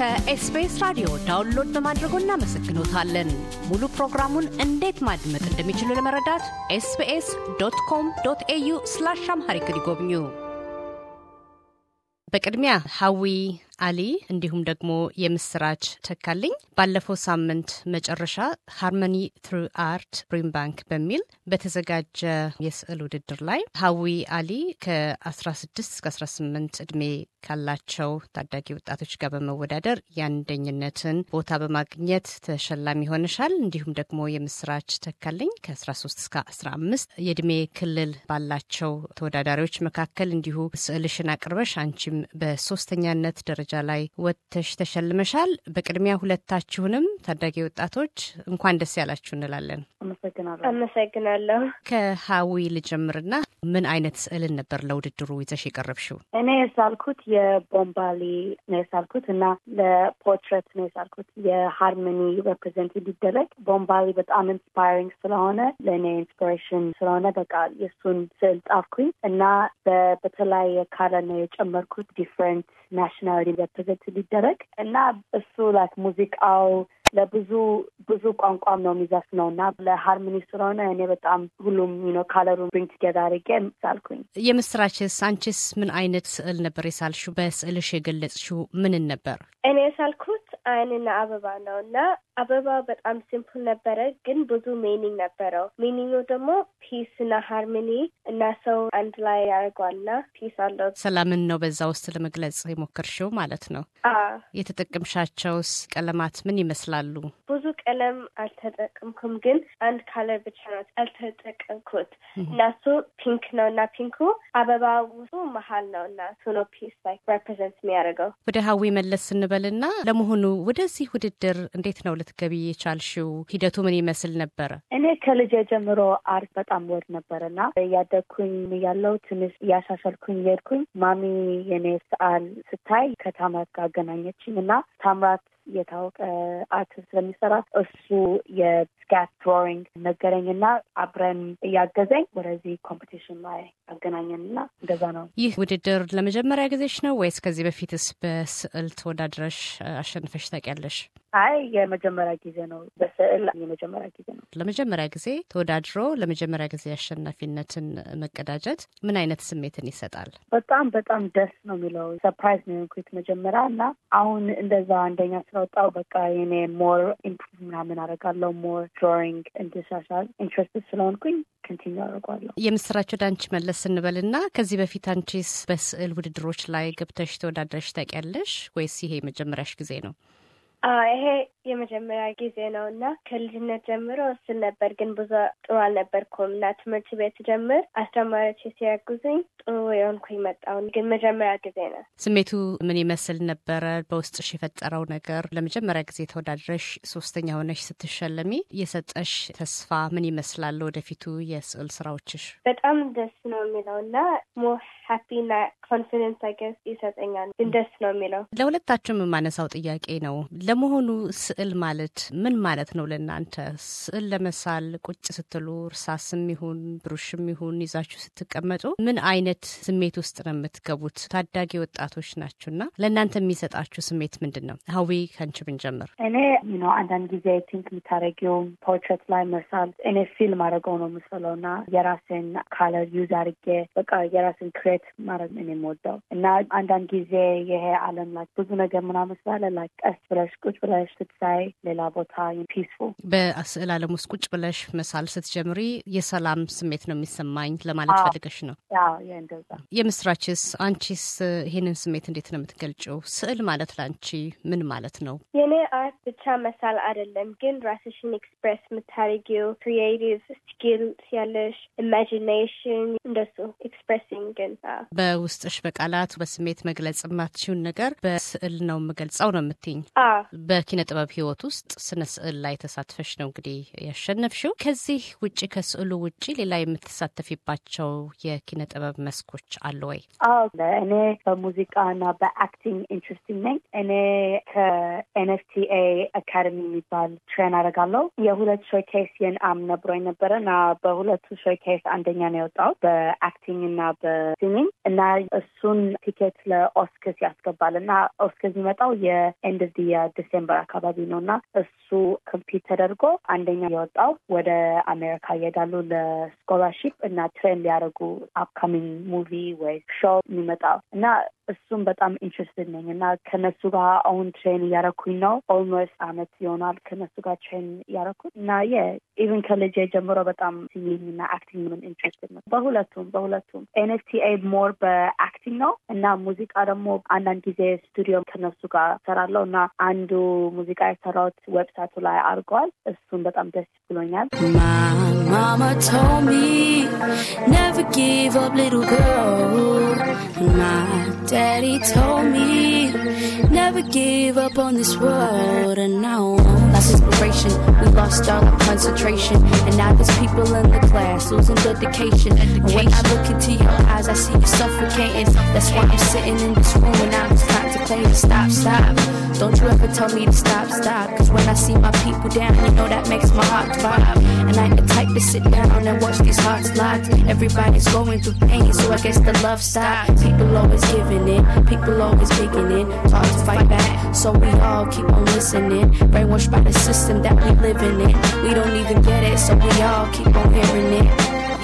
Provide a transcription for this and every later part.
ከኤስቢኤስ ራዲዮ ዳውንሎድ በማድረጎ እናመሰግኖታለን። ሙሉ ፕሮግራሙን እንዴት ማድመጥ እንደሚችሉ ለመረዳት ኤስቢኤስ ዶት ኮም ዶት ኤዩ ስላሽ አምሃሪክ ይጎብኙ። በቅድሚያ ሀዊ አሊ እንዲሁም ደግሞ የምስራች ተካልኝ ባለፈው ሳምንት መጨረሻ ሃርሞኒ ትሩ አርት ብሪም ባንክ በሚል በተዘጋጀ የስዕል ውድድር ላይ ሀዊ አሊ ከ16 እስከ 18 ዕድሜ ካላቸው ታዳጊ ወጣቶች ጋር በመወዳደር የአንደኝነትን ቦታ በማግኘት ተሸላሚ ሆነሻል። እንዲሁም ደግሞ የምስራች ተካልኝ ከ13 እስከ 15 የእድሜ ክልል ባላቸው ተወዳዳሪዎች መካከል እንዲሁ ስዕልሽን አቅርበሽ አንቺም በሶስተኛነት ደረጃ ላይ ወጥተሽ ተሸልመሻል። በቅድሚያ ሁለታችሁንም ታዳጊ ወጣቶች እንኳን ደስ ያላችሁ እንላለን። አመሰግናለሁ። ከሀዊ ልጀምርና ምን አይነት ስዕልን ነበር ለውድድሩ ይዘሽ የቀረብሽው? እኔ የሳልኩት የቦምባሌ ነው የሳልኩት እና ለፖርትሬት ነው የሳልኩት። የሃርመኒ ሬፕሬዘንት እንዲደረግ ቦምባሌ በጣም ኢንስፓይሪንግ ስለሆነ ለእኔ ኢንስፒሬሽን ስለሆነ በቃ የእሱን ስዕል ጣፍኩኝ እና በተለያየ ካለር ነው የጨመርኩት ዲፍረንት ናሽናሊቲ ሬፕሬዘንት እንዲደረግ እና እሱ ላይክ ሙዚቃው ለብዙ ብዙ ቋንቋም ነው የሚዘፍነው እና ለሃርሞኒ ስለሆነ እኔ በጣም ሁሉም ነው ካለሩ ብሪንግ ቱጌዘር አድርጌ ሳልኩኝ። የምስራችስ አንቺስ ምን አይነት ስዕል ነበር የሳልሹ? በስዕልሽ የገለጽሹ ምንን ነበር? እኔ የሳልኩት አይንና አበባ ነው እና አበባ በጣም ሲምፕል ነበረ፣ ግን ብዙ ሜኒንግ ነበረው። ሜኒንግ ደግሞ ፒስ እና ሃርሞኒ እና ሰው አንድ ላይ ያደርጓልና ፒስ አለው። ሰላምን ነው በዛ ውስጥ ለመግለጽ የሞከርሽው ማለት ነው። የተጠቀምሻቸውስ ቀለማት ምን ይመስላል? ይችላሉ? ብዙ ቀለም አልተጠቀምኩም፣ ግን አንድ ካለር ብቻ ነው አልተጠቀምኩት። እናሱ ፒንክ ነው እና ፒንኩ አበባ ውሱ መሀል ነው እና እሱ ነው ፒስ ላይ ሬፕሬዘንት የሚያደርገው። ወደ ሀዊ መለስ ስንበልና ለመሆኑ ወደዚህ ውድድር እንዴት ነው ልትገቢ የቻልሽው? ሂደቱ ምን ይመስል ነበረ? እኔ ከልጄ ጀምሮ አርት በጣም ወድ ነበርና እያደግኩኝ ያለው ትንሽ እያሻሻልኩኝ የሄድኩኝ ማሚ የኔ ሰዓል ስታይ ከታምራት ጋር አገናኘችኝ እና ታምራት የታወቀ አርቲስት ስለሚሰራ እሱ የስካት ድሮዊንግ ነገረኝና አብረን እያገዘኝ ወደዚህ ኮምፒቲሽን ላይ አገናኘንና እንደዛ ነው። ይህ ውድድር ለመጀመሪያ ጊዜሽ ነው ወይስ ከዚህ በፊትስ በስዕል ተወዳድረሽ አሸንፈሽ ታውቂያለሽ? አይ የመጀመሪያ ጊዜ ነው። በስዕል የመጀመሪያ ጊዜ ነው። ለመጀመሪያ ጊዜ ተወዳድሮ ለመጀመሪያ ጊዜ አሸናፊነትን መቀዳጀት ምን አይነት ስሜትን ይሰጣል? በጣም በጣም ደስ ነው የሚለው ሰርፕራይዝ ነው የሆንኩት መጀመሪያ እና አሁን እንደዛ አንደኛ ስለወጣው በቃ የኔ ሞር ኢምፕሩቭ ምናምን አደርጋለሁ ሞር ድሮዊንግ እንድሻሻል ኢንትረስትድ ስለሆንኩኝ ኮንቲኒው አደርጓለሁ። የምስራች ወደ አንቺ መለስ ስንበልና ከዚህ በፊት አንቺስ በስዕል ውድድሮች ላይ ገብተሽ ተወዳድረሽ ታውቂያለሽ ወይስ ይሄ የመጀመሪያሽ ጊዜ ነው? ይሄ የመጀመሪያ ጊዜ ነው እና ከልጅነት ጀምሮ ስል ነበር፣ ግን ብዙ ጥሩ አልነበርኩም እና ትምህርት ቤት ጀምር አስተማሪዎች ሲያግዙኝ ጥሩ የሆንኩኝ መጣሁ፣ ግን መጀመሪያ ጊዜ ነው። ስሜቱ ምን ይመስል ነበረ? በውስጥሽ የፈጠረው ነገር ለመጀመሪያ ጊዜ ተወዳድረሽ ሶስተኛ ሆነሽ ስትሸለሚ የሰጠሽ ተስፋ ምን ይመስላል? ወደፊቱ የስዕል ስራዎችሽ በጣም ደስ ነው የሚለው እና ሞር ሀፒ እና ኮንፊደንስ አገስ ይሰጠኛል። ግን ደስ ነው የሚለው። ለሁለታችሁም የማነሳው ጥያቄ ነው። ለመሆኑ ስዕል ማለት ምን ማለት ነው ለእናንተ? ስዕል ለመሳል ቁጭ ስትሉ እርሳስም ይሁን ብሩሽም ይሁን ይዛችሁ ስትቀመጡ ምን አይነት ስሜት ውስጥ ነው የምትገቡት? ታዳጊ ወጣቶች ናችሁና ለእናንተ የሚሰጣችሁ ስሜት ምንድን ነው? ሀዊ ከንቺ ብንጀምር። እኔ ነው አንዳንድ ጊዜ ቲንክ የምታደረጊው ፖርትሬት ላይ መሳል እኔ ፊልም አድርገው ነው የምስለው እና የራሴን ካለር ዩዝ አድርጌ በቃ የራሴን ክሬት ማድረግ እኔ የምወደው እና አንዳንድ ጊዜ ይሄ አለም ላይ ብዙ ነገር ምናምን ስላለ ላይ ቀስ ብለሽ ቁጭ ብለሽ ስትሳይ ሌላ ቦታ ፒስፉ በስዕል አለም ውስጥ ቁጭ ብለሽ መሳል ስትጀምሪ የሰላም ስሜት ነው የሚሰማኝ ለማለት ፈልገሽ ነው? የምስራችስ አንቺስ ይሄንን ስሜት እንዴት ነው የምትገልጪው? ስዕል ማለት ለአንቺ ምን ማለት ነው? የኔ አርት ብቻ መሳል አይደለም፣ ግን ራስሽን ኤክስፕሬስ የምታደርጊው ክሪኤቲቭ ስኪል ያለሽ ኢማጂኔሽን እንደሱ ኤክስፕሬሲንግ በውስጥ በድምጽሽ በቃላት በስሜት መግለጽ የማትችውን ነገር በስዕል ነው የምገልጸው ነው የምትኝ። በኪነ ጥበብ ህይወት ውስጥ ስነ ስዕል ላይ ተሳትፈሽ ነው እንግዲህ ያሸነፍሽው። ከዚህ ውጭ ከስዕሉ ውጭ ሌላ የምትሳተፊባቸው የኪነ ጥበብ መስኮች አሉ ወይ? እኔ በሙዚቃና በአክቲንግ ኢንትረስቲንግ ነኝ። እኔ ኤንኤፍቲኤ አካደሚ የሚባል ትሬን አደርጋለሁ። የሁለት ኬስ የንአም ነብሮኝ ነበረ እና በሁለቱ ኬስ አንደኛ ነው የወጣው በአክቲንግ እና በሲኒንግ እና እሱን ቲኬት ለኦስክስ ያስገባል እና ኦስክስ የሚመጣው የኤንድ ኦፍ ዲሴምበር አካባቢ ነው እና እሱ ኮምፒት ተደርጎ አንደኛ የወጣው ወደ አሜሪካ ይሄዳሉ ለስኮላርሺፕ እና ትሬን ሊያደርጉ አፕካሚንግ ሙቪ ወይ ሾው የሚመጣው እና እሱም በጣም ኢንትረስትድ ነኝ እና ከነሱ ጋር አሁን ትሬን እያረኩኝ ነው። ኦልሞስት አመት ይሆናል ከነሱ ጋር ትሬን እያረኩኝ እና የ ኢቨን ከልጅ ጀምሮ በጣም ሲንግ እና አክቲንግ ምን ኢንትረስትድ ነው። በሁለቱም በሁለቱም ኤንኤፍቲኤ ሞር በአክቲንግ ነው እና ሙዚቃ ደግሞ አንዳንድ ጊዜ ስቱዲዮ ከነሱ ጋር ሰራለው እና አንዱ ሙዚቃ የሰራውት ዌብሳይቱ ላይ አድርገዋል። እሱም በጣም ደስ ብሎኛል። Mama told me never give up little girl. My Daddy told me never give up on this world and now lost inspiration we lost all our concentration and now there's people in the class losing dedication and when i look into your eyes i see you suffocating that's why i'm sitting in this room and i'm just contemplating stop stop don't you ever tell me to stop stop cause when i see my people down you know that makes my heart throb and i'm the type to sit down and watch these hearts locked everybody's going through pain so i guess the love side people always giving it. People always picking it, try to fight back. So we all keep on listening. Brainwashed by the system that we live in. We don't even get it, so we all keep on hearing it.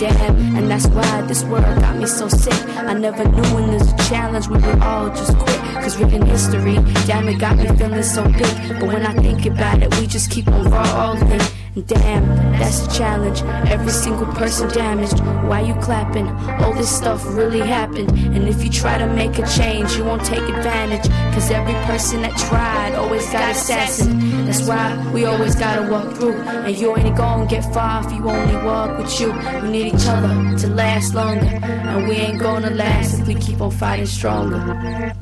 Damn, and that's why this world got me so sick. I never knew when there's a challenge, we would all just quit. Cause written history, damn, it got me feeling so big. But when I think about it, we just keep on rolling. Damn, that's a challenge. Every single person damaged. Why you clapping? All this stuff really happened. And if you try to make a change, you won't take advantage. Cause every person that tried always got assassinated. That's why we always gotta walk through. And you ain't gonna get far if you only walk with you. We need each other to last longer. And we ain't gonna last if we keep on fighting stronger.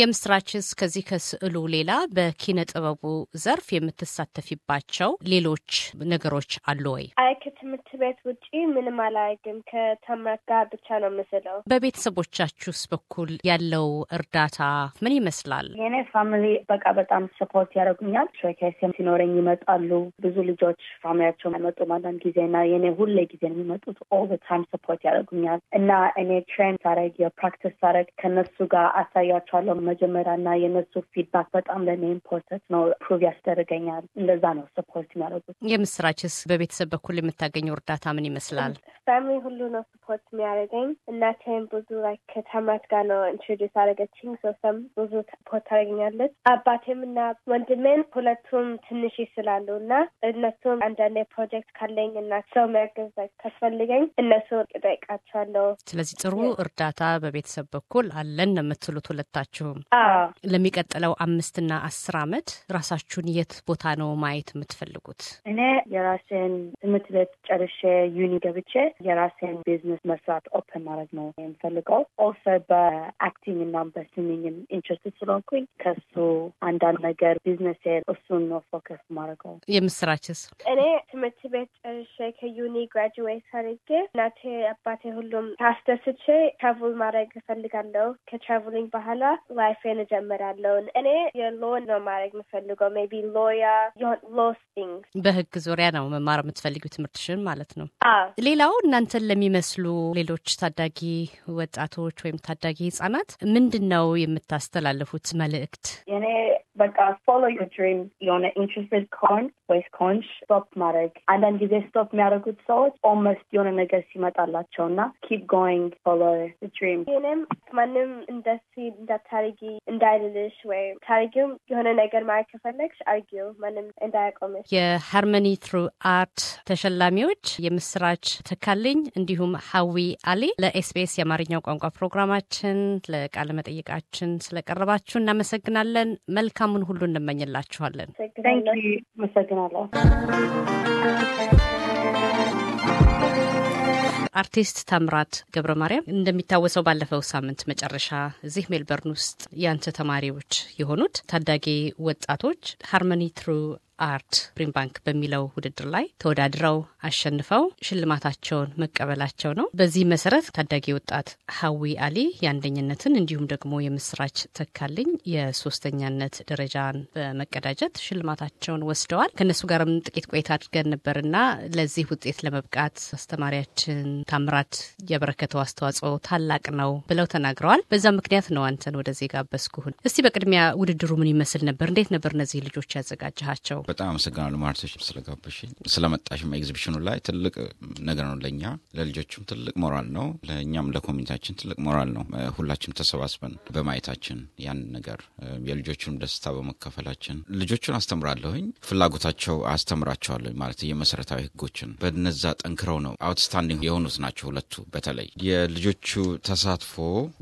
የምስራችስ እስከዚህ ከስዕሉ ሌላ በኪነ ጥበቡ ዘርፍ የምትሳተፊባቸው ሌሎች ነገሮች አሉ ወይ? አይ ከትምህርት ቤት ውጪ ምንም አላደርግም። ከተምረት ጋር ብቻ ነው የምስለው። በቤተሰቦቻችሁስ በኩል ያለው እርዳታ ምን ይመስላል? የኔ ፋሚሊ በቃ በጣም ሰፖርት ያደርጉኛል። ሾኬስም ሲኖረኝ ይመጣሉ። ብዙ ልጆች ፋሚያቸው አይመጡ አንዳንድ ጊዜ እና የኔ ሁሌ ጊዜ ነው የሚመጡት። ኦል ታይም ሰፖርት ያደርጉኛል እና እኔ ትሬን ሳረግ የፕራክቲስ ሳረግ ከነሱ ጋር አሳያቸዋለሁ መጀመሪያ እና የእነሱ ፊድባክ በጣም ለእኔ ኢምፖርተንት ነው፣ ፕሩቭ ያስደርገኛል። እንደዛ ነው ሰፖርት የሚያደርጉት። የምስራችስ በቤተሰብ በኩል የምታገኘው እርዳታ ምን ይመስላል? ፋሚሊ ሁሉ ነው ሰፖርት የሚያደርገኝ። እናቴም ብዙ ከተማት ጋር ነው ኢንትሮዲስ አደረገችኝ። ሶስተም ብዙ ሰፖርት ታደርገኛለች። አባቴም እና ወንድሜን ሁለቱም ትንሽ ይስላሉ እና እነሱም አንዳንድ ፕሮጀክት ካለኝ እና ሰው የሚያገዝ ካስፈልገኝ እነሱ እጠይቃቸዋለሁ። ስለዚህ ጥሩ እርዳታ በቤተሰብ በኩል አለን ነው የምትሉት ሁለታችሁ ለሚቀጥለው አምስትና አስር አመት ራሳችሁን የት ቦታ ነው ማየት የምትፈልጉት? እኔ የራሴን ትምህርት ቤት ጨርሼ ዩኒ ገብቼ የራሴን ቢዝነስ መስራት ኦፕን ማድረግ ነው የምፈልገው። ኦልሶ በአክቲንግ እና በሲንጊንግ ኢንትረስት ስለሆንኩኝ ከሱ አንዳንድ ነገር ቢዝነስ እሱን ነው ፎከስ ማድረገው። የምስራችስ እኔ ትምህርት ቤት ጨርሼ ከዩኒ ግራጁዌት አድርጌ እናቴ አባቴ ሁሉም ታስደስቼ ትራቭል ማድረግ እፈልጋለሁ። ከትራቭሊንግ በኋላ ላይፌን እጀምራለውን። እኔ የሎን ነው ማድረግ የምፈልገው ሜይ ቢ ሎያ ሎስቲንግ በህግ ዙሪያ ነው መማር የምትፈልጊው ትምህርትሽን ማለት ነው። ሌላው እናንተን ለሚመስሉ ሌሎች ታዳጊ ወጣቶች ወይም ታዳጊ ህጻናት ምንድን ነው የምታስተላልፉት መልእክት? እኔ በቃ ፎሎ ዮር ድሪም የሆነ ኢንትረስትድ ከሆን ወይስ ከሆንሽ ስቶፕ ማድረግ አንዳንድ ጊዜ ስቶፕ የሚያደርጉት ሰዎች ኦልሞስት የሆነ ነገር ሲመጣላቸው እና ኪፕ ጎይንግ ፎሎ ድሪም። ይህንም ማንም እንደስ እንዳታርጊ እንዳይልልሽ ወይም ታርጊውም የሆነ ነገር ማድረግ ከፈለግሽ አርጊው ማንም እንዳያቆምሽ። የሃርመኒ ትሩ አርት ተሸላሚዎች የምስራች ተካልኝ እንዲሁም ሀዊ አሊ ለኤስቢኤስ የአማርኛው ቋንቋ ፕሮግራማችን ለቃለመጠይቃችን መጠይቃችን ስለቀረባችሁ እናመሰግናለን። መልካም መልካሙን ሁሉ እንመኝላችኋለን። አርቲስት ታምራት ገብረ ማርያም እንደሚታወሰው ባለፈው ሳምንት መጨረሻ እዚህ ሜልበርን ውስጥ የአንተ ተማሪዎች የሆኑት ታዳጊ ወጣቶች ሃርመኒ ትሩ አርት ብሪም ባንክ በሚለው ውድድር ላይ ተወዳድረው አሸንፈው ሽልማታቸውን መቀበላቸው ነው። በዚህ መሰረት ታዳጊ ወጣት ሀዊ አሊ የአንደኝነትን እንዲሁም ደግሞ የምስራች ተካልኝ የሶስተኛነት ደረጃን በመቀዳጀት ሽልማታቸውን ወስደዋል። ከእነሱ ጋርም ጥቂት ቆይታ አድርገን ነበርና ለዚህ ውጤት ለመብቃት አስተማሪያችን ታምራት የበረከተው አስተዋጽኦ ታላቅ ነው ብለው ተናግረዋል። በዛ ምክንያት ነው አንተን ወደዚህ ጋበዝኩህን። እስቲ በቅድሚያ ውድድሩ ምን ይመስል ነበር? እንዴት ነበር እነዚህ ልጆች ያዘጋጀሃቸው? በጣም አመሰግናለሁ ማርቶች ስለጋበሽኝ ስለመጣሽም። ኤግዚቢሽኑ ላይ ትልቅ ነገር ነው ለእኛ ለልጆችም ትልቅ ሞራል ነው፣ ለእኛም ለኮሚኒታችን ትልቅ ሞራል ነው። ሁላችንም ተሰባስበን በማየታችን ያን ነገር የልጆችንም ደስታ በመካፈላችን ልጆቹን አስተምራለሁኝ፣ ፍላጎታቸው አስተምራቸዋለሁ ማለት የመሰረታዊ ህጎችን በነዛ ጠንክረው ነው አውትስታንዲንግ የሆኑት ናቸው ሁለቱ። በተለይ የልጆቹ ተሳትፎ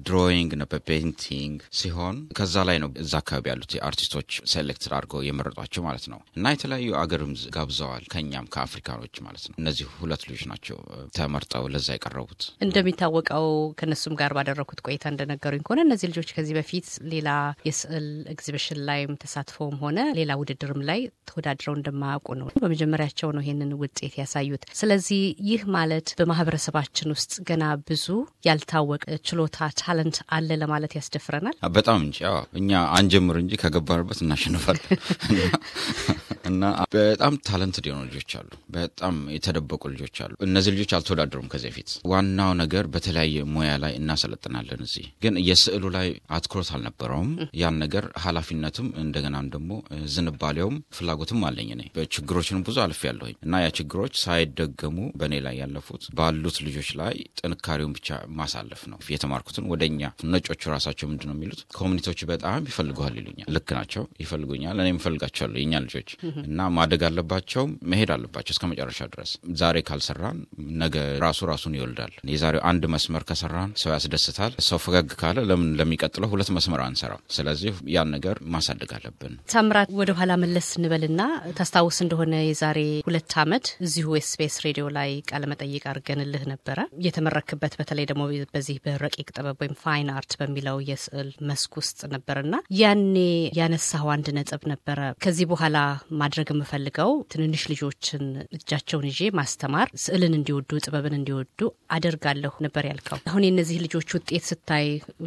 ድሮይንግ ነ በፔንቲንግ ሲሆን ከዛ ላይ ነው እዛ አካባቢ ያሉት አርቲስቶች ሴሌክትር አድርገው የመረጧቸው ማለት ነው። እና የተለያዩ አገርም ጋብዘዋል። ከኛም ከአፍሪካኖች ማለት ነው። እነዚህ ሁለት ልጆች ናቸው ተመርጠው ለዛ የቀረቡት። እንደሚታወቀው ከነሱም ጋር ባደረኩት ቆይታ እንደነገሩኝ ከሆነ እነዚህ ልጆች ከዚህ በፊት ሌላ የስዕል ኤግዚቢሽን ላይም ተሳትፎም ሆነ ሌላ ውድድርም ላይ ተወዳድረው እንደማያውቁ ነው። በመጀመሪያቸው ነው ይህንን ውጤት ያሳዩት። ስለዚህ ይህ ማለት በማህበረሰባችን ውስጥ ገና ብዙ ያልታወቀ ችሎታ ታለንት አለ ለማለት ያስደፍረናል። በጣም እንጂ እኛ አንጀምር እንጂ ከገባንበት እናሸንፋለን። እና በጣም ታለንትድ የሆኑ ልጆች አሉ። በጣም የተደበቁ ልጆች አሉ። እነዚህ ልጆች አልተወዳደሩም ከዚህ በፊት። ዋናው ነገር በተለያየ ሙያ ላይ እናሰለጥናለን። እዚህ ግን የስዕሉ ላይ አትኩሮት አልነበረውም። ያን ነገር ኃላፊነቱም እንደገናም ደግሞ ዝንባሌውም ፍላጎትም አለኝ እኔ በችግሮችን ብዙ አልፍ ያለሁኝ እና ያ ችግሮች ሳይደገሙ በእኔ ላይ ያለፉት ባሉት ልጆች ላይ ጥንካሬውን ብቻ ማሳለፍ ነው የተማርኩትን። ወደኛ ነጮቹ ራሳቸው ምንድን ነው የሚሉት ኮሚኒቲዎች በጣም ይፈልጉሃል ይሉኛል። ልክ ናቸው፣ ይፈልጉኛል። እኔም እፈልጋቸዋለሁ የኛ ልጆች እና ማደግ አለባቸው፣ መሄድ አለባቸው እስከ መጨረሻ ድረስ። ዛሬ ካልሰራን ነገ ራሱ ራሱን ይወልዳል። የዛሬው አንድ መስመር ከሰራን ሰው ያስደስታል። ሰው ፈገግ ካለ ለምን ለሚቀጥለው ሁለት መስመር አንሰራም? ስለዚህ ያን ነገር ማሳደግ አለብን። ታምራት፣ ወደ ኋላ መለስ እንበልና ታስታውስ እንደሆነ የዛሬ ሁለት ዓመት እዚሁ ኤስቢኤስ ሬዲዮ ላይ ቃለመጠይቅ አድርገንልህ ነበረ። የተመረክበት በተለይ ደግሞ በዚህ በረቂቅ ጥበብ ወይም ፋይን አርት በሚለው የስዕል መስክ ውስጥ ነበርና ያኔ ያነሳው አንድ ነጥብ ነበረ ከዚህ በኋላ ማድረግ የምፈልገው ትንንሽ ልጆችን እጃቸውን ይዤ ማስተማር፣ ስዕልን እንዲወዱ፣ ጥበብን እንዲወዱ አደርጋለሁ ነበር ያልከው። አሁን የነዚህ ልጆች ውጤት ስታይ፣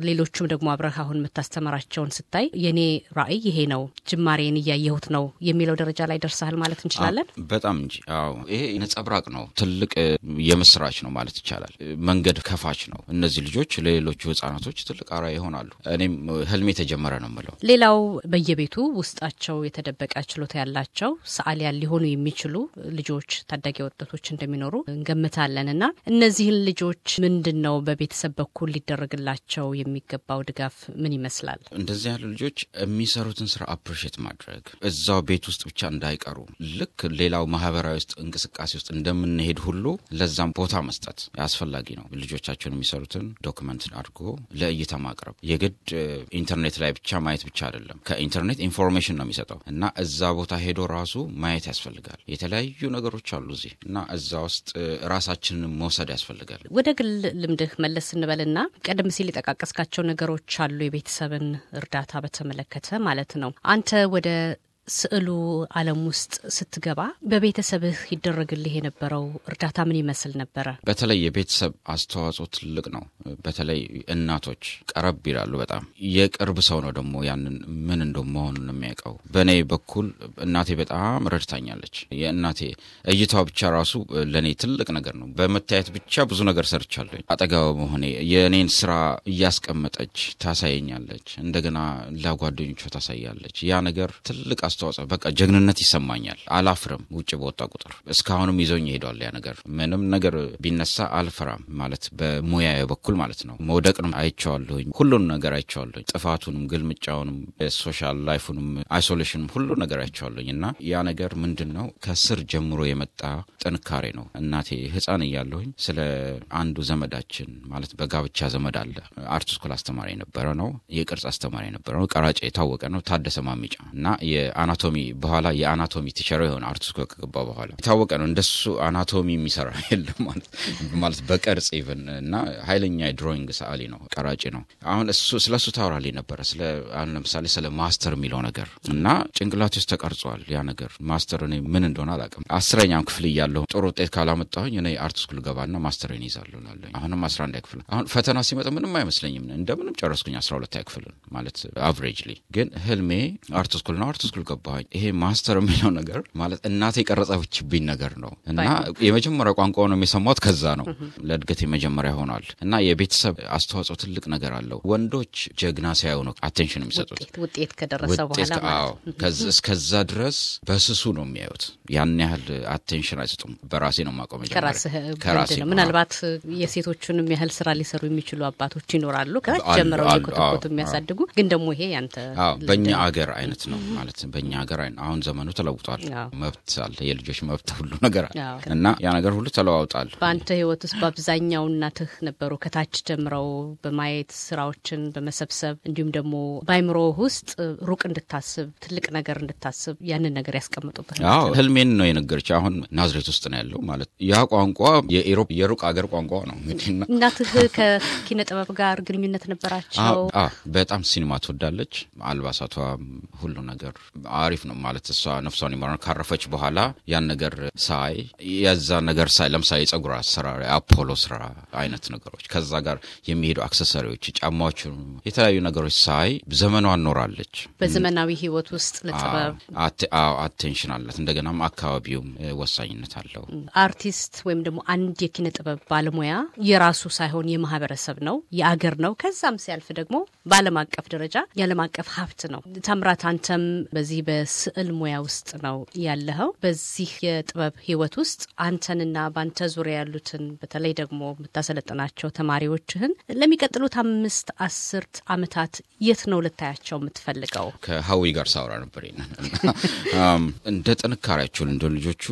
ሌሎቹም ደግሞ አብረህ አሁን የምታስተምራቸውን ስታይ የኔ ራዕይ ይሄ ነው፣ ጅማሬን እያየሁት ነው የሚለው ደረጃ ላይ ደርሰሃል ማለት እንችላለን። በጣም እንጂ። አዎ ይሄ ነጸብራቅ ነው፣ ትልቅ የምስራች ነው ማለት ይቻላል። መንገድ ከፋች ነው። እነዚህ ልጆች ለሌሎቹ ህጻናቶች ትልቅ አራ ይሆናሉ። እኔም ህልሜ የተጀመረ ነው የምለው። ሌላው በየቤቱ ውስጣቸው የተደበቀ ችሎታ ያላቸው ሰዓሊያን ሊሆኑ የሚችሉ ልጆች፣ ታዳጊ ወጣቶች እንደሚኖሩ እንገምታለን እና እነዚህን ልጆች ምንድን ነው በቤተሰብ በኩል ሊደረግላቸው የሚገባው ድጋፍ ምን ይመስላል? እንደዚህ ያሉ ልጆች የሚሰሩትን ስራ አፕሪሼት ማድረግ እዛው ቤት ውስጥ ብቻ እንዳይቀሩ ልክ ሌላው ማህበራዊ ውስጥ እንቅስቃሴ ውስጥ እንደምንሄድ ሁሉ ለዛም ቦታ መስጠት አስፈላጊ ነው። ልጆቻቸውን የሚሰሩትን ዶክመንት አድርጎ ለእይታ ማቅረብ የግድ ኢንተርኔት ላይ ብቻ ማየት ብቻ አይደለም። ከኢንተርኔት ኢንፎርሜሽን ነው የሚሰጠው እና እዛ ቦታ ቦታ ሄዶ ራሱ ማየት ያስፈልጋል። የተለያዩ ነገሮች አሉ እዚህ እና እዛ ውስጥ ራሳችንን መውሰድ ያስፈልጋል። ወደ ግል ልምድህ መለስ ስንበልና ቀደም ሲል የጠቃቀስካቸው ነገሮች አሉ የቤተሰብን እርዳታ በተመለከተ ማለት ነው። አንተ ወደ ስዕሉ ዓለም ውስጥ ስትገባ በቤተሰብህ ይደረግልህ የነበረው እርዳታ ምን ይመስል ነበረ? በተለይ የቤተሰብ አስተዋጽኦ ትልቅ ነው። በተለይ እናቶች ቀረብ ይላሉ። በጣም የቅርብ ሰው ነው ደግሞ ያንን ምን እንደ መሆኑን የሚያውቀው። በእኔ በኩል እናቴ በጣም ረድታኛለች። የእናቴ እይታው ብቻ ራሱ ለእኔ ትልቅ ነገር ነው። በመታየት ብቻ ብዙ ነገር ሰርቻለኝ። አጠገባ መሆኔ የእኔን ስራ እያስቀመጠች ታሳየኛለች። እንደገና ለጓደኞቿ ታሳያለች። ያ ነገር ትልቅ አስተዋጽኦ በቃ ጀግንነት ይሰማኛል። አላፍርም። ውጭ በወጣ ቁጥር እስካሁንም ይዘውኝ ይሄዷል። ያ ነገር ምንም ነገር ቢነሳ አልፈራም ማለት በሙያ በኩል ማለት ነው። መውደቅንም አይቸዋለሁኝ፣ ሁሉን ነገር አይቸዋለሁኝ። ጥፋቱንም፣ ግልምጫውንም፣ ሶሻል ላይፉንም፣ አይሶሌሽንም ሁሉ ነገር አይቸዋለሁኝ እና ያ ነገር ምንድን ነው ከስር ጀምሮ የመጣ ጥንካሬ ነው። እናቴ ህፃን እያለሁኝ ስለ አንዱ ዘመዳችን ማለት በጋብቻ ዘመድ አለ አርት ስኩል አስተማሪ የነበረ ነው። የቅርጽ አስተማሪ የነበረ ነው። ቀራጭ የታወቀ ነው። ታደሰ ማሚጫ እና አናቶሚ በኋላ የአናቶሚ ቲቸሮ የሆነ አርቱ ከገባ በኋላ የታወቀ ነው እንደሱ አናቶሚ የሚሰራ የለም ማለት በቅርጽ ኢቨን እና ኃይለኛ የድሮይንግ ሰዓሊ ነው፣ ቀራጭ ነው። አሁን እሱ ስለ እሱ ታወራልኝ ነበረ። ስለ አሁን ለምሳሌ ስለ ማስተር የሚለው ነገር እና ጭንቅላቴ ውስጥ ተቀርጿል ያ ነገር ማስተር እኔ ምን እንደሆነ አላውቅም። አስረኛም ክፍል እያለሁ ጥሩ ውጤት ካላመጣሁኝ እኔ አርት ስኩል ገባና ማስተሬን ይዛለሁ እላለሁ። አሁንም አስራ አንድ ክፍል አሁን ፈተና ሲመጣ ምንም አይመስለኝም እንደምንም ጨረስኩኝ አስራ ሁለት ክፍልን ማለት አቨሬጅሊ። ግን ህልሜ አርት ነው አርት ስኩል ገባኝ። ይሄ ማስተር የሚለው ነገር ማለት እናቴ የቀረጸችብኝ ነገር ነው እና የመጀመሪያ ቋንቋ ነው የሚሰማት ከዛ ነው ለእድገት የመጀመሪያ ሆኗል እና የቤተሰብ አስተዋጽኦ ትልቅ ነገር አለው። ወንዶች ጀግና ሲያዩ ነው አቴንሽን የሚሰጡት ውጤት ከደረሰ በኋላ እስከዛ ድረስ በስሱ ነው የሚያዩት። ያን ያህል አቴንሽን አይሰጡም። በራሴ ነው ማቆም ከራሴ ምናልባት የሴቶቹንም ያህል ስራ ሊሰሩ የሚችሉ አባቶች ይኖራሉ ከጀምረው ቁትቁት የሚያሳድጉ ግን ደግሞ ይሄ ያንተ በእኛ አገር አይነት ነው ማለት በእኛ ሀገር አሁን ዘመኑ ተለውጧል። መብት አለ፣ የልጆች መብት ሁሉ ነገር አለ እና ያ ነገር ሁሉ ተለዋውጣል። በአንተ ህይወት ውስጥ በአብዛኛው እናትህ ነበሩ ከታች ጀምረው በማየት ስራዎችን በመሰብሰብ እንዲሁም ደግሞ በአይምሮ ውስጥ ሩቅ እንድታስብ ትልቅ ነገር እንድታስብ ያንን ነገር ያስቀምጡበት። አዎ ህልሜን ነው የነገረች። አሁን ናዝሬት ውስጥ ነው ያለው ማለት ያ ቋንቋ የኢሮፕ የሩቅ ሀገር ቋንቋ ነው። እናትህ ከኪነ ጥበብ ጋር ግንኙነት ነበራቸው? በጣም ሲኒማ ትወዳለች። አልባሳቷ ሁሉ ነገር አሪፍ ነው ማለት እሷ ነፍሷን ይማራል ካረፈች በኋላ ያን ነገር ሳይ የዛ ነገር ሳይ ለምሳሌ የጸጉር አሰራር አፖሎ ስራ አይነት ነገሮች ከዛ ጋር የሚሄዱ አክሰሰሪዎች፣ ጫማዎች፣ የተለያዩ ነገሮች ሳይ ዘመኗ ኖራለች። በዘመናዊ ህይወት ውስጥ ለጥበብ አቴንሽን አላት። እንደገናም አካባቢውም ወሳኝነት አለው። አርቲስት ወይም ደግሞ አንድ የኪነ ጥበብ ባለሙያ የራሱ ሳይሆን የማህበረሰብ ነው፣ የአገር ነው። ከዛም ሲያልፍ ደግሞ በአለም አቀፍ ደረጃ የዓለም አቀፍ ሀብት ነው። ተምራት አንተም በዚህ በስዕል ሙያ ውስጥ ነው ያለኸው። በዚህ የጥበብ ህይወት ውስጥ አንተንና በአንተ ዙሪያ ያሉትን በተለይ ደግሞ የምታሰለጥናቸው ተማሪዎችህን ለሚቀጥሉት አምስት አስርት አመታት የት ነው ልታያቸው የምትፈልገው? ከሀዊ ጋር ሳውራ ነበር እንደ ጥንካሬያቸውን እንደ ልጆቹ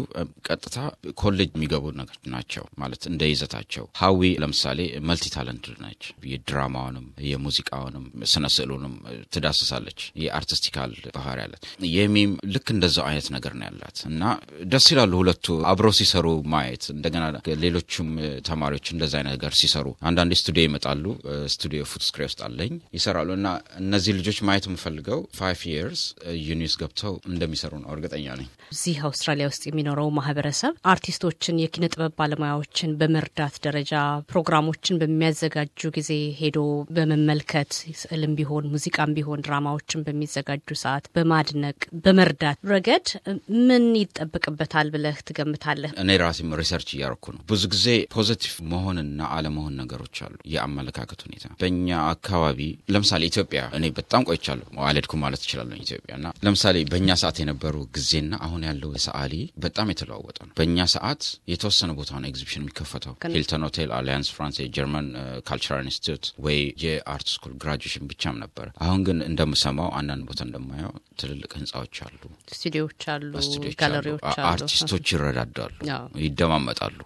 ቀጥታ ኮሌጅ የሚገቡ ነገር ናቸው ማለት እንደ ይዘታቸው። ሀዊ ለምሳሌ መልቲ ታለንትድ ነች። የድራማውንም የሙዚቃውንም ስነ ስዕሉንም ትዳስሳለች። የአርቲስቲካል ባህሪ አላት። የሚም ልክ እንደዛው አይነት ነገር ነው ያላት እና ደስ ይላሉ ሁለቱ አብረው ሲሰሩ ማየት። እንደገና ሌሎችም ተማሪዎች እንደዚ አይነት ነገር ሲሰሩ አንዳንድ ስቱዲዮ ይመጣሉ። ስቱዲዮ ፉትስክሬ ውስጥ አለኝ ይሰራሉ። እና እነዚህ ልጆች ማየት የምፈልገው ፋይቭ ይርስ ዩኒስ ገብተው እንደሚሰሩ ነው እርግጠኛ ነኝ። እዚህ አውስትራሊያ ውስጥ የሚኖረው ማህበረሰብ አርቲስቶችን፣ የኪነ ጥበብ ባለሙያዎችን በመርዳት ደረጃ ፕሮግራሞችን በሚያዘጋጁ ጊዜ ሄዶ በመመልከት ስዕልም ቢሆን ሙዚቃም ቢሆን ድራማዎችን በሚዘጋጁ ሰዓት በማድነ እንዲነቅ በመርዳት ረገድ ምን ይጠበቅበታል ብለህ ትገምታለህ? እኔ ራሴም ሪሰርች እያረኩ ነው። ብዙ ጊዜ ፖዘቲቭ መሆንና አለመሆን ነገሮች አሉ። የአመለካከት ሁኔታ በእኛ አካባቢ ለምሳሌ ኢትዮጵያ፣ እኔ በጣም ቆይቻለሁ አልሄድኩ ማለት እችላለሁ ኢትዮጵያ እና ለምሳሌ በእኛ ሰዓት የነበሩ ጊዜና አሁን ያለው ሰዓሊ በጣም የተለዋወጠ ነው። በእኛ ሰዓት የተወሰነ ቦታ ነው ኤግዚቢሽን የሚከፈተው ሂልተን ሆቴል፣ አሊያንስ ፍራንስ፣ የጀርመን ካልቸራል ኢንስቲትዩት ወይ የአርት ስኩል ግራጁዌሽን ብቻም ነበር። አሁን ግን እንደምሰማው አንዳንድ ቦታ እንደማየው ትልልቅ ትላልቅ ህንፃዎች አሉ፣ ስቱዲዮዎች አሉ፣ ጋለሪዎች አሉ። አርቲስቶች ይረዳዳሉ፣ ይደማመጣሉ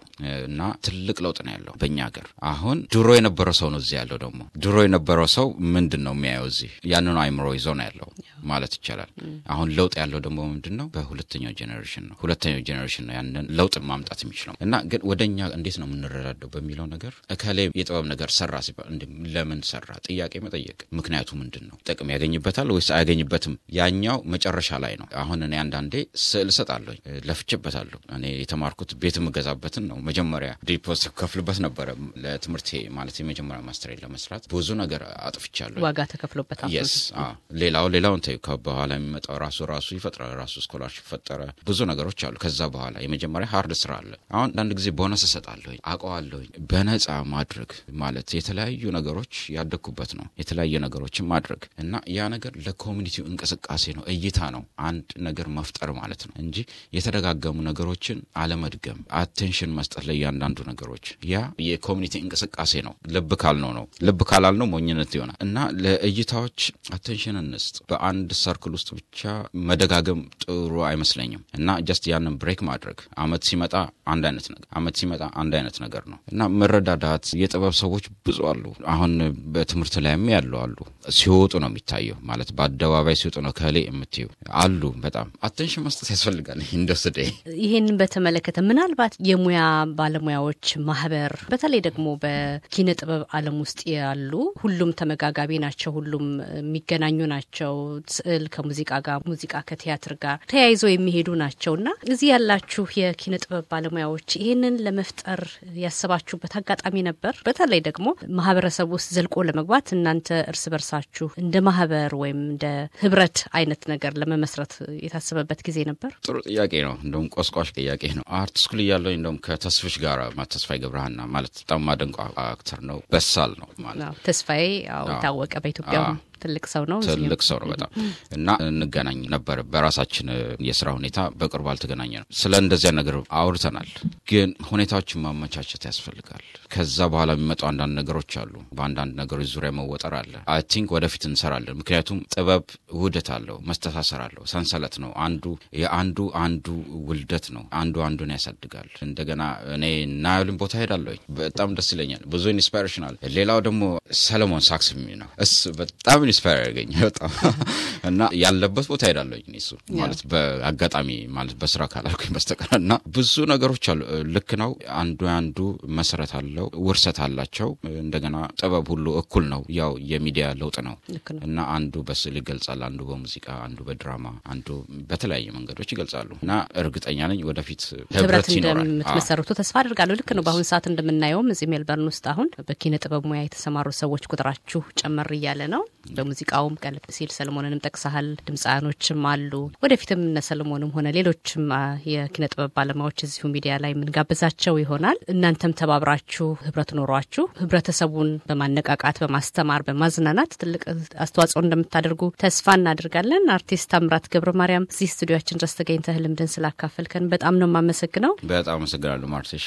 እና ትልቅ ለውጥ ነው ያለው በእኛ ሀገር። አሁን ድሮ የነበረው ሰው ነው እዚህ ያለው። ደግሞ ድሮ የነበረው ሰው ምንድን ነው የሚያየው እዚህ ያንኑ አይምሮ ይዞ ነው ያለው ማለት ይቻላል። አሁን ለውጥ ያለው ደግሞ ምንድን ነው በሁለተኛው ጀኔሬሽን ነው። ሁለተኛው ጀኔሬሽን ነው ያንን ለውጥ ማምጣት የሚችለው እና ግን ወደ እኛ እንዴት ነው የምንረዳደው በሚለው ነገር እከሌ የጥበብ ነገር ሰራ ሲባል ለምን ሰራ ጥያቄ መጠየቅ፣ ምክንያቱ ምንድን ነው? ጥቅም ያገኝበታል ወይስ አያገኝበትም? ያኛው መጨረሻ ላይ ነው። አሁን እኔ አንዳንዴ ስዕል እሰጣለሁ፣ ለፍቼበታለሁ። እኔ የተማርኩት ቤት የምገዛበትን ነው። መጀመሪያ ዲፖዚት ከፍልበት ነበረ ለትምህርቴ ማለት የመጀመሪያ ማስተር ለመስራት ብዙ ነገር አጥፍቻለሁ። ዋጋ ተከፍሎበታል። የስ ሌላው ሌላውን ተይው፣ በኋላ የሚመጣው ራሱ ራሱ ይፈጥራል። ራሱ ስኮላርሽፕ ፈጠረ፣ ብዙ ነገሮች አሉ። ከዛ በኋላ የመጀመሪያ ሀርድ ስራ አለ። አሁን አንዳንድ ጊዜ ቦነስ እሰጣለሁኝ፣ አውቀዋለሁኝ። በነፃ ማድረግ ማለት የተለያዩ ነገሮች ያደግኩበት ነው። የተለያዩ ነገሮችን ማድረግ እና ያ ነገር ለኮሚኒቲው እንቅስቃሴ ነው እይታ ነው አንድ ነገር መፍጠር ማለት ነው እንጂ የተደጋገሙ ነገሮችን አለመድገም፣ አቴንሽን መስጠት ለእያንዳንዱ ነገሮች ያ የኮሚኒቲ እንቅስቃሴ ነው። ልብ ካልነው ነው ልብ ካላል ነው ሞኝነት ይሆናል እና ለእይታዎች አቴንሽን እንስጥ። በአንድ ሰርክል ውስጥ ብቻ መደጋገም ጥሩ አይመስለኝም እና ጀስት ያንን ብሬክ ማድረግ አመት ሲመጣ አንድ አይነት ነገር አመት ሲመጣ አንድ አይነት ነገር ነው እና መረዳዳት የጥበብ ሰዎች ብዙ አሉ። አሁን በትምህርት ላይም ያሉ አሉ። ሲወጡ ነው የሚታየው ማለት በአደባባይ ሲወጡ ነው ከሌ የምት ዩ አሉ። በጣም አቴንሽን መስጠት ያስፈልጋል ኢንዱስትሪ። ይሄንን በተመለከተ ምናልባት የሙያ ባለሙያዎች ማህበር በተለይ ደግሞ በኪነ ጥበብ ዓለም ውስጥ ያሉ ሁሉም ተመጋጋቢ ናቸው፣ ሁሉም የሚገናኙ ናቸው። ስዕል ከሙዚቃ ጋር፣ ሙዚቃ ከቲያትር ጋር ተያይዘው የሚሄዱ ናቸው እና እዚህ ያላችሁ የኪነ ጥበብ ባለሙያዎች ይህንን ለመፍጠር ያሰባችሁበት አጋጣሚ ነበር? በተለይ ደግሞ ማህበረሰብ ውስጥ ዘልቆ ለመግባት እናንተ እርስ በርሳችሁ እንደ ማህበር ወይም እንደ ህብረት አይነት ነገር ነገር ለመመስረት የታሰበበት ጊዜ ነበር? ጥሩ ጥያቄ ነው። እንደውም ቆስቋሽ ጥያቄ ነው። አርት ስኩል እያለሁ እንደውም ከተስፍሽ ጋር ተስፋዬ ገብረሃና ማለት በጣም ማደንቆ አክተር ነው። በሳል ነው ማለት ተስፋዬ ታወቀ በኢትዮጵያ ትልቅ ሰው ነው። ትልቅ ሰው ነው በጣም እና እንገናኝ ነበር። በራሳችን የስራ ሁኔታ በቅርቡ አልተገናኘ ነው። ስለ እንደዚያ ነገር አውርተናል። ግን ሁኔታዎችን ማመቻቸት ያስፈልጋል። ከዛ በኋላ የሚመጡ አንዳንድ ነገሮች አሉ። በአንዳንድ ነገሮች ዙሪያ መወጠር አለ። አይ ቲንክ ወደፊት እንሰራለን። ምክንያቱም ጥበብ ውህደት አለው፣ መስተሳሰር አለው፣ ሰንሰለት ነው። አንዱ የአንዱ አንዱ ውልደት ነው። አንዱ አንዱን ያሳድጋል። እንደገና እኔ ናያልን ቦታ ሄዳለሁ። በጣም ደስ ይለኛል። ብዙ ኢንስፓሬሽን አለ። ሌላው ደግሞ ሰለሞን ሳክስ ነው። እስ በጣም ምናምን ኢንስፓየር በጣም እና ያለበት ቦታ ሄዳለኝ እሱ ማለት በአጋጣሚ ማለት በስራ ካላልኩኝ በስተቀር እና ብዙ ነገሮች አሉ። ልክ ነው። አንዱ አንዱ መሰረት አለው፣ ውርሰት አላቸው። እንደገና ጥበብ ሁሉ እኩል ነው። ያው የሚዲያ ለውጥ ነው እና አንዱ በስዕል ይገልጻል፣ አንዱ በሙዚቃ፣ አንዱ በድራማ፣ አንዱ በተለያየ መንገዶች ይገልጻሉ እና እርግጠኛ ነኝ ወደፊት ህብረት እንደምትመሰርቱ ተስፋ አድርጋለሁ። ልክ ነው። በአሁን ሰዓት እንደምናየውም እዚህ ሜልበርን ውስጥ አሁን በኪነ ጥበብ ሙያ የተሰማሩ ሰዎች ቁጥራችሁ ጨመር እያለ ነው። በሙዚቃውም ቀለብ ሲል ሰለሞንንም ጠቅሰሃል። ድምፃኖችም አሉ። ወደፊትም እነ ሰለሞንም ሆነ ሌሎችም የኪነ ጥበብ ባለሙያዎች እዚሁ ሚዲያ ላይ የምንጋብዛቸው ይሆናል። እናንተም ተባብራችሁ ህብረት ኖሯችሁ ህብረተሰቡን በማነቃቃት በማስተማር በማዝናናት ትልቅ አስተዋጽኦ እንደምታደርጉ ተስፋ እናደርጋለን። አርቲስት ታምራት ገብረ ማርያም እዚህ ስቱዲዮችን ድረስ ተገኝተህ ልምድን ስላካፈልከን በጣም ነው የማመሰግነው። በጣም አመሰግናለሁ ማርሴሽ።